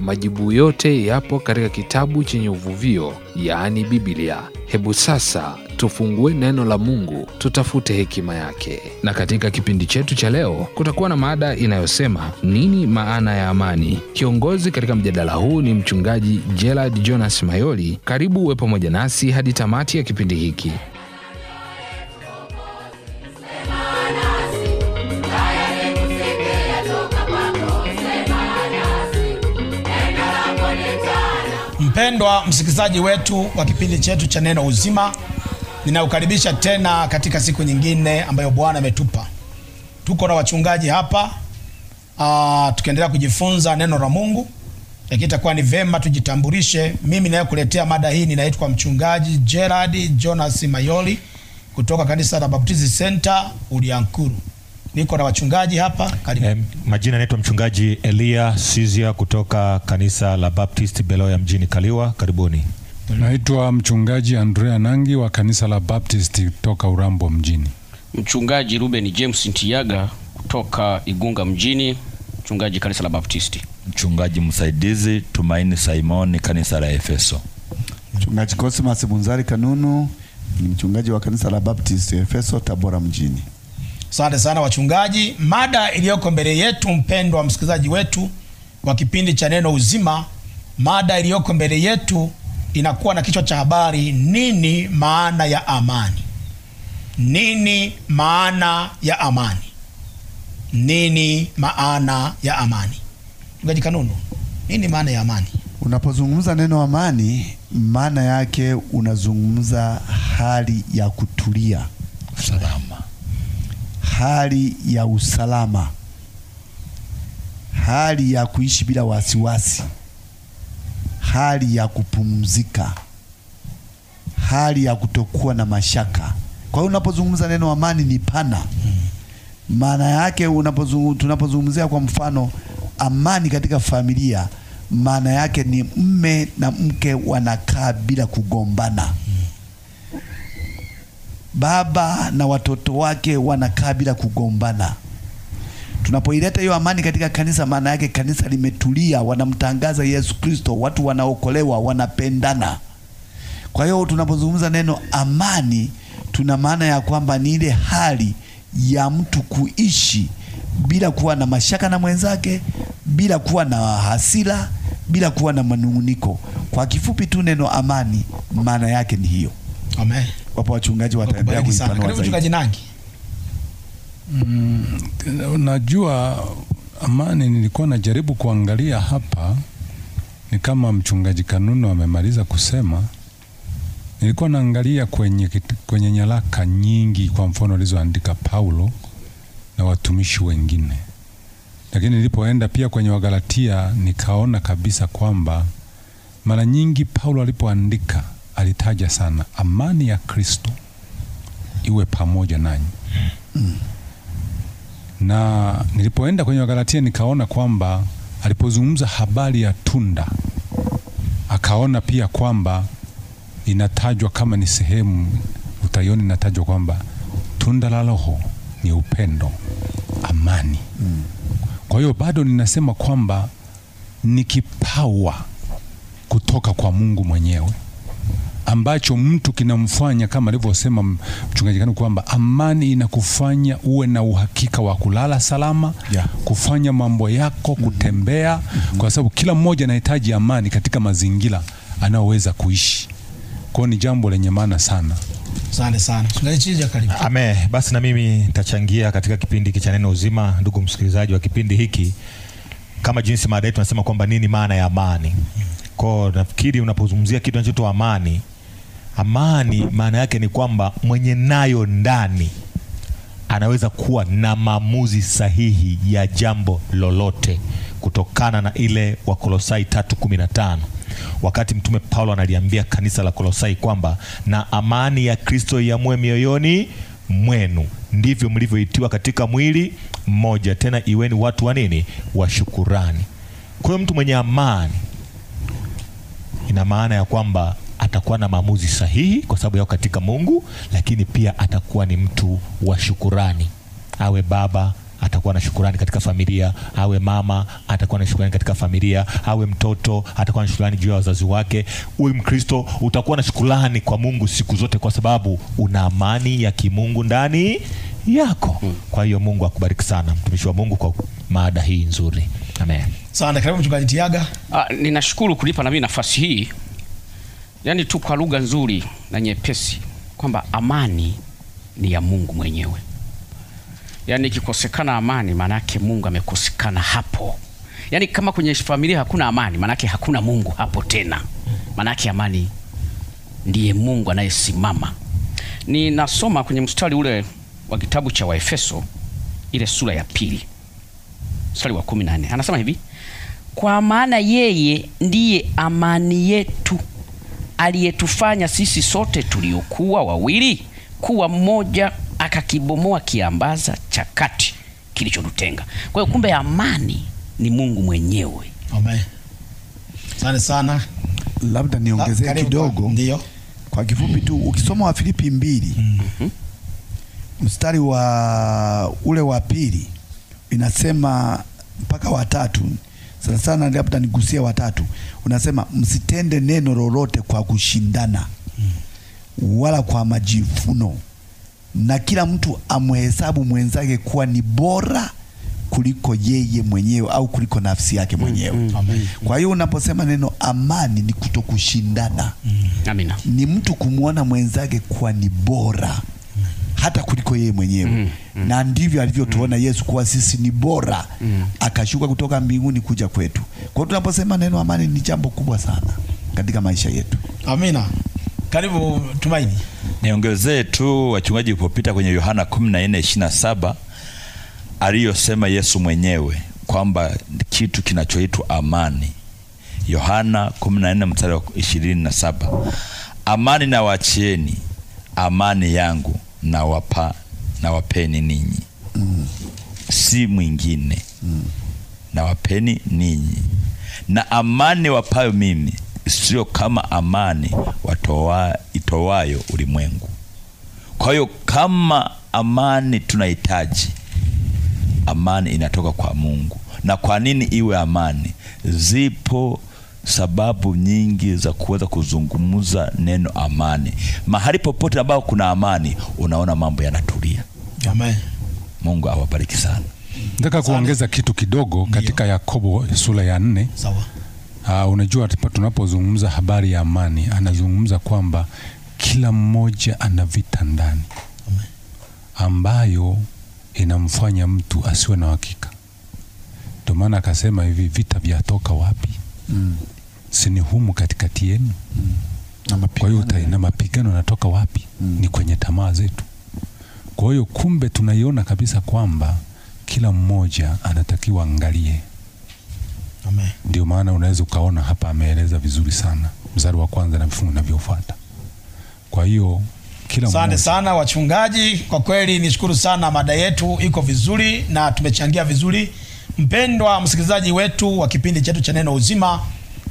Majibu yote yapo katika kitabu chenye uvuvio, yaani Biblia. Hebu sasa tufungue neno la Mungu, tutafute hekima yake. Na katika kipindi chetu cha leo kutakuwa na mada inayosema nini maana ya amani. Kiongozi katika mjadala huu ni mchungaji Gerald Jonas Mayoli. Karibu uwe pamoja nasi hadi tamati ya kipindi hiki. Mpendwa msikilizaji wetu wa kipindi chetu cha Neno Uzima, ninakukaribisha tena katika siku nyingine ambayo Bwana ametupa. Tuko na wachungaji hapa aa, ah, tukiendelea kujifunza neno la Mungu, lakini itakuwa ni vema tujitambulishe. Mimi ninayekuletea mada hii ninaitwa mchungaji Gerard Jonas Mayoli kutoka kanisa la Baptist Center Uliankuru. Niko na wachungaji hapa karibu. Eh, majina naitwa mchungaji Elia Sizia kutoka kanisa la Baptist Beloya mjini Kaliwa, karibuni. Naitwa mchungaji Andrea Nangi wa kanisa la Baptist kutoka Urambo mjini. Mchungaji Ruben James Ntiyaga kutoka Igunga mjini, mchungaji kanisa la Baptist. Mchungaji msaidizi Tumaini Simon kanisa la Efeso. Mchungaji Cosmas Bunzari Kanunu ni mchungaji wa kanisa la Baptist Efeso Tabora mjini. Asante sana wachungaji. Mada iliyoko mbele yetu, mpendwa msikilizaji wetu wa kipindi cha Neno Uzima, mada iliyoko mbele yetu inakuwa na kichwa cha habari, nini maana ya amani? Nini maana ya amani? Nini maana ya amani? Mchungaji Kanunu, nini maana ya amani? Unapozungumza neno amani, maana yake unazungumza hali ya kutulia, salama hali ya usalama, hali ya kuishi bila wasiwasi, hali ya kupumzika, hali ya kutokuwa na mashaka. Kwa hiyo unapozungumza neno amani ni pana, maana yake tunapozungumzia kwa mfano amani katika familia, maana yake ni mme na mke wanakaa bila kugombana baba na watoto wake wanakaa bila kugombana. Tunapoileta hiyo amani katika kanisa, maana yake kanisa limetulia, wanamtangaza Yesu Kristo, watu wanaokolewa, wanapendana. Kwa hiyo tunapozungumza neno amani, tuna maana ya kwamba ni ile hali ya mtu kuishi bila kuwa na mashaka na mwenzake, bila kuwa na hasira, bila kuwa na manunguniko. Kwa kifupi tu neno amani maana yake ni hiyo. Amen wapo wachungaji wataendelea kuipanua zaidi. Nangi. Mm, najua amani, nilikuwa najaribu kuangalia hapa, ni kama mchungaji Kanunu amemaliza kusema. Nilikuwa naangalia kwenye, kwenye nyaraka nyingi, kwa mfano alizoandika Paulo na watumishi wengine, lakini nilipoenda pia kwenye Wagalatia nikaona kabisa kwamba mara nyingi Paulo alipoandika alitaja sana, amani ya Kristo iwe pamoja nanyi mm. Na nilipoenda kwenye Wagalatia nikaona kwamba alipozungumza habari ya tunda akaona pia kwamba inatajwa kama ni sehemu utaiona inatajwa kwamba tunda la Roho ni upendo, amani mm. Kwa hiyo bado ninasema kwamba ni kipawa kutoka kwa Mungu mwenyewe ambacho mtu kinamfanya kama alivyosema mchungaji Kanu kwamba amani inakufanya uwe na uhakika wa kulala salama yeah. kufanya mambo yako mm-hmm. kutembea mm -hmm. kwa sababu kila mmoja anahitaji amani katika mazingira anaoweza kuishi. Kwa ni jambo lenye maana sana. Sane sana. Ame, Basi na mimi nitachangia katika kipindi hiki cha neno uzima, ndugu msikilizaji wa kipindi hiki, kama jinsi mada yetu nasema kwamba nini maana ya amani. Kwa nafikiri unapozungumzia kitu anachotoa amani Amani maana yake ni kwamba mwenye nayo ndani anaweza kuwa na maamuzi sahihi ya jambo lolote kutokana na ile Wakolosai 3:15 wakati Mtume Paulo analiambia kanisa la Kolosai kwamba na amani ya Kristo iamue mioyoni mwenu, ndivyo mlivyoitiwa katika mwili mmoja, tena iweni watu wa nini? Wa shukurani. Kwa hiyo mtu mwenye amani, ina maana ya kwamba atakuwa na maamuzi sahihi kwa sababu yao katika Mungu, lakini pia atakuwa ni mtu wa shukurani. Awe baba atakuwa na shukurani katika familia, awe mama atakuwa na shukurani katika familia, awe mtoto atakuwa na shukurani juu ya wazazi wake. Uwe Mkristo utakuwa na shukurani kwa Mungu siku zote, kwa sababu una amani ya kimungu ndani yako. Hmm. Kwa hiyo Mungu akubariki sana mtumishi wa Mungu kwa maada hii nzuri. Amen. Sana, karibu mchungaji Tiaga. Ah, ninashukuru kunipa na mimi nafasi hii yani tu kwa lugha nzuri na nyepesi kwamba amani ni ya Mungu mwenyewe. Yani ikikosekana amani, maanake Mungu amekosekana hapo. Yani kama kwenye familia hakuna amani, maanake hakuna Mungu hapo tena. Maanake amani ndiye Mungu anayesimama. Ninasoma kwenye mstari ule wa kitabu cha Waefeso ile sura ya pili mstari wa kumi na nne anasema hivi, kwa maana yeye ndiye amani yetu aliyetufanya sisi sote tuliokuwa wawili kuwa mmoja, akakibomoa kiambaza cha kati kilichotutenga. Kwa hiyo kumbe amani ni Mungu mwenyewe. Amen. Sana sana. Labda niongezee kidogo. Ndio. Kwa kifupi tu ukisoma wa Filipi mbili mm -hmm. mstari wa ule wa pili inasema mpaka watatu sana sana, labda nigusie watatu. Unasema msitende neno lolote kwa kushindana hmm. wala kwa majivuno, na kila mtu amhesabu mwenzake kuwa ni bora kuliko yeye mwenyewe au kuliko nafsi yake mm, mwenyewe mm, mm. Kwa hiyo unaposema neno amani ni kutokushindana mm. Amina. Ni mtu kumwona mwenzake kuwa ni bora hata kuliko yeye mwenyewe mm, mm, na ndivyo alivyotuona mm, Yesu kuwa sisi ni bora mm, akashuka kutoka mbinguni kuja kwetu. Kwa hiyo tunaposema neno amani ni jambo kubwa sana katika maisha yetu. Amina. Karibu Tumaini. Niongezee tu wachungaji, ulipopita kwenye Yohana 14:27 aliyosema Yesu mwenyewe kwamba kitu kinachoitwa amani. Yohana 14 mstari wa 27, amani na amani yangu na wapa na wapeni ninyi mm. si mwingine mm. na wapeni ninyi na amani wapayo mimi sio kama amani watoa, itowayo ulimwengu. Kwa hiyo kama amani tunahitaji amani, inatoka kwa Mungu. Na kwa nini iwe amani? Zipo sababu nyingi za kuweza kuzungumza neno amani. Mahali popote ambapo kuna amani, unaona mambo yanatulia. Amen. Mungu awabariki sana. Nataka kuongeza kitu kidogo katika Yakobo sura ya nne. Sawa. Uh, unajua tunapozungumza habari ya amani anazungumza kwamba kila mmoja ana vita ndani ambayo inamfanya mtu asiwe na uhakika. Ndio maana akasema hivi, vita vyatoka wapi? mm. sini humu katikati yenu mm. na kwa hiyo na mapigano natoka wapi? mm. ni kwenye tamaa zetu. Kwa hiyo kumbe tunaiona kabisa kwamba kila mmoja anatakiwa angalie. Ndio maana unaweza ukaona hapa ameeleza vizuri sana mzari wa kwanza na vifungu vinavyofuata. Kwa hiyo kila asante sana wachungaji, kwa kweli nishukuru sana, mada yetu iko vizuri na tumechangia vizuri. Mpendwa msikilizaji wetu wa kipindi chetu cha Neno Uzima,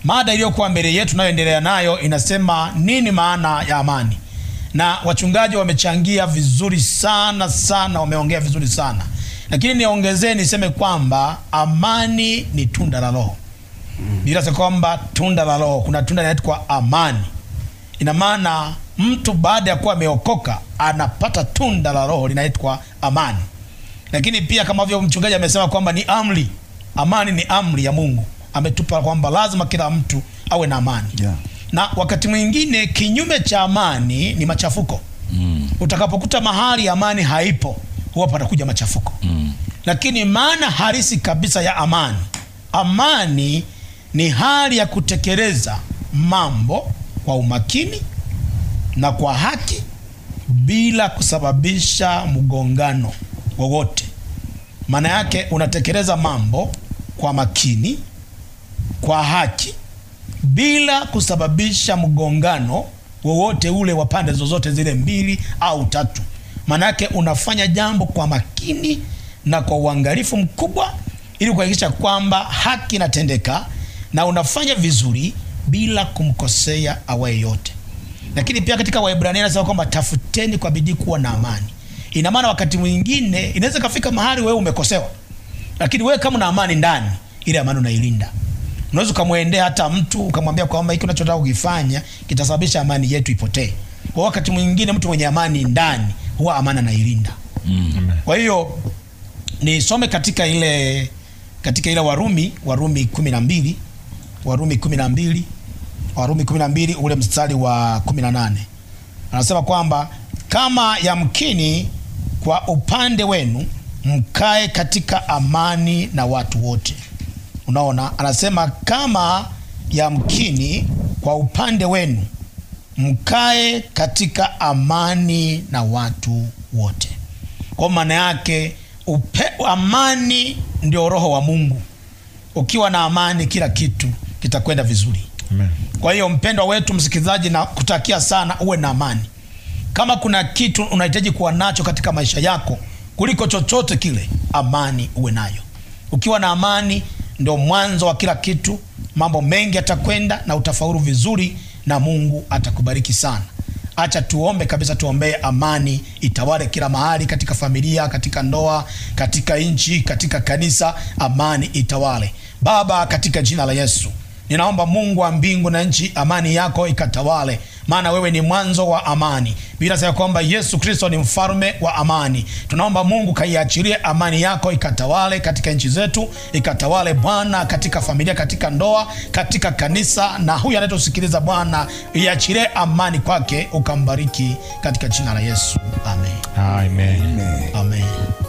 mada iliyokuwa mbele yetu nayoendelea nayo inasema nini maana ya amani, na wachungaji wamechangia vizuri sana sana, wameongea vizuri sana lakini niongezee niseme kwamba amani ni tunda la Roho. bila inasema kwamba tunda la Roho, kuna tunda linaitwa amani. Ina maana mtu baada ya kuwa ameokoka anapata tunda la Roho linaitwa amani. Lakini pia kama vile mchungaji amesema kwamba ni amri, amani ni amri ya Mungu, ametupa kwamba lazima kila mtu awe na amani yeah. Na wakati mwingine kinyume cha amani ni machafuko mm. Utakapokuta mahali amani haipo, huwa patakuja machafuko mm. Lakini maana halisi kabisa ya amani, amani ni hali ya kutekeleza mambo kwa umakini na kwa haki bila kusababisha mgongano wowote. Maana yake unatekeleza mambo kwa makini, kwa haki, bila kusababisha mgongano wowote ule wa pande zozote zile mbili au tatu. Maana yake unafanya jambo kwa makini na kwa uangalifu mkubwa, ili kuhakikisha kwamba haki inatendeka na unafanya vizuri bila kumkosea awaye yote. Lakini pia katika Waebrania anasema kwamba tafuteni kwa bidii kuwa na amani ina maana wakati mwingine inaweza kafika mahali wewe umekosewa, lakini wewe kama una amani ndani, ile amani unailinda. Unaweza ukamwendea hata mtu ukamwambia kwamba hiki unachotaka kukifanya kitasababisha amani yetu ipotee. Kwa wakati mwingine mtu mwenye amani ndani huwa amani anailinda. Mm. Kwa hiyo nisome katika ile katika ile Warumi Warumi 12, Warumi 12, Warumi 12 ule mstari wa 18. anasema kwamba kama yamkini kwa upande wenu mkae katika amani na watu wote. Unaona, anasema kama yamkini, kwa upande wenu mkae katika amani na watu wote. Kwa maana yake upe, amani ndio roho wa Mungu. Ukiwa na amani, kila kitu kitakwenda vizuri. Amen. Kwa hiyo mpendwa wetu msikilizaji, na kutakia sana uwe na amani. Kama kuna kitu unahitaji kuwa nacho katika maisha yako kuliko chochote kile, amani uwe nayo. Ukiwa na amani, ndo mwanzo wa kila kitu. Mambo mengi atakwenda na utafaulu vizuri, na Mungu atakubariki sana. Acha tuombe kabisa, tuombee amani itawale kila mahali, katika familia, katika ndoa, katika nchi, katika kanisa. Amani itawale. Baba, katika jina la Yesu ninaomba Mungu wa mbingu na nchi, amani yako ikatawale maana wewe ni mwanzo wa amani. Biblia inasema kwamba Yesu Kristo ni mfalme wa amani. Tunaomba Mungu kaiachilie amani yako ikatawale katika nchi zetu, ikatawale Bwana, katika familia, katika ndoa, katika kanisa, na huyu anayetusikiliza Bwana, iachilie amani kwake, ukambariki katika jina la Yesu. Amen. Amen. Amen. Amen.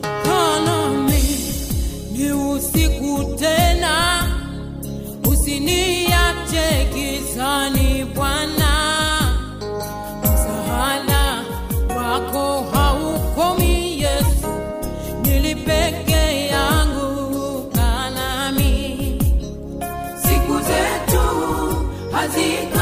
Azita.